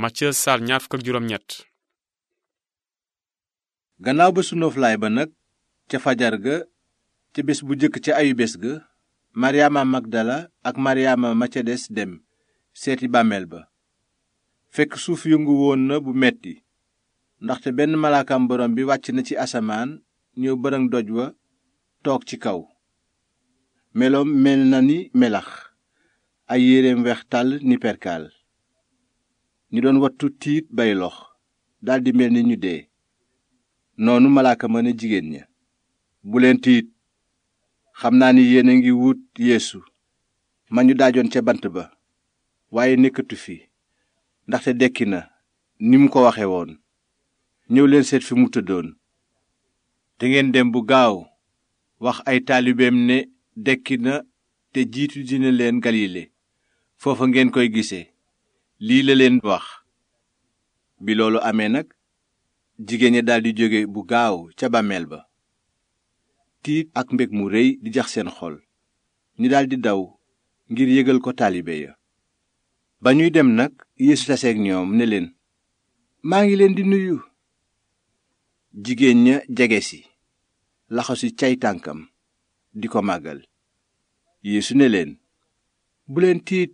Matthieu saar ñaar gannaaw ba sunóoflaay ba nag ca fajar ga ca bés bu jëkk ca ayubés ga maryaama magdala ak maryaama ma ca des dem seeti bàmmeel ba fekk suuf yëngu na bu metti ndaxte benn malaakam borom bi wàcc na ci asamaan ñëw bërëŋ doj wa toog ci kaw meloom mel na ni melax ay yéreem weex tàll ni perkaal ñu doon wattu tiit bay lox daldi mel ni ñu dee noonu malaaka ma ne jigéen ña bu leen tiit xam naa ni yéen a ngi wut yeesu ma ñu daajoon ca bant ba waaye nekkatu fi ndaxte dekki na ni mu ko waxe woon ñëw leen seet fi mu tëddoon te ngeen dem bu gaaw wax ay taalibeem ne dekki na te jiitu dina leen galile foofa ngeen koy gisee lii la leen wax bi loolu amee nag jigéen ña daldi jóge bu gaaw ca bàmmeel ba tiit ak mbég mu réy di jax seen xol ñu daldi daw ngir yëgal ko taalibe ya ba ñuy dem nag Yeesu taseeg ñoom ne leen maa ngi leen di nuyu jigéen ña jege si cay tànkam di ko màggal Yeesu ne leen bu leen tiit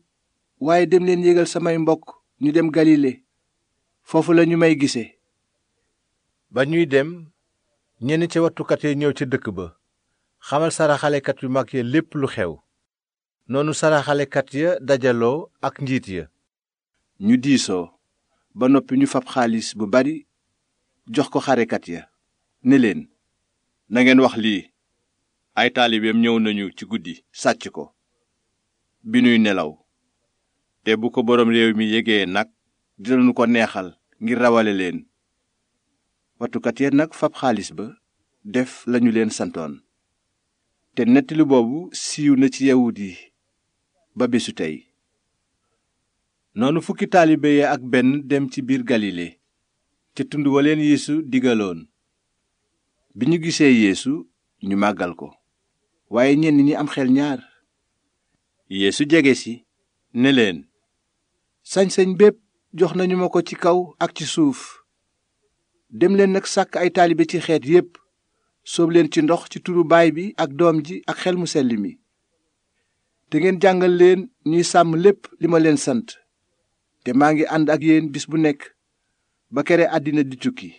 waaye dem leen yégal samay mbokk ñu dem galile foofu la ñu may gisee ba ñuy dem ñenn ca wattukat ya ñëw ca dëkk ba xamal saraxalekat yu mag ya lépp lu xew noonu saraxalekat ya dajaloo ak njiit ya ñu diisoo ba noppi ñu fab xaalis bu bari jox ko xarekat ya ne leen nangeen wax lii ay taalibeem ñëw nañu ci guddi sàcc ko bi nuy nelaw te bu ko boroom réew mi yégee nag dinañu ko neexal ngir rawale leen watukat ya nag fab xaalis ba def lañu leen santoon te nettali boobu siiw na ci yawut yi ba bésu tey noonu fukki taalibe ya ak benn dem ci biir galile ca tund wa leen yeesu digaloon bi ñu gisee yéesu ñu màggal ko waaye ñenn ñi am xel ñaar yéesu jege si ne leen sañ-sañ bépp jox nañu ma ko ci kaw ak ci suuf dem leen nag sàkk ay taalibe ci xeet yépp sóob leen ci ndox ci turu baay bi ak doom ji ak xel mu sell mi te ngeen jàngal leen ñuy sàmm lépp li ma leen sant te maa ngi ànd ak yéen bis bu nekk ba kere àddina di tukki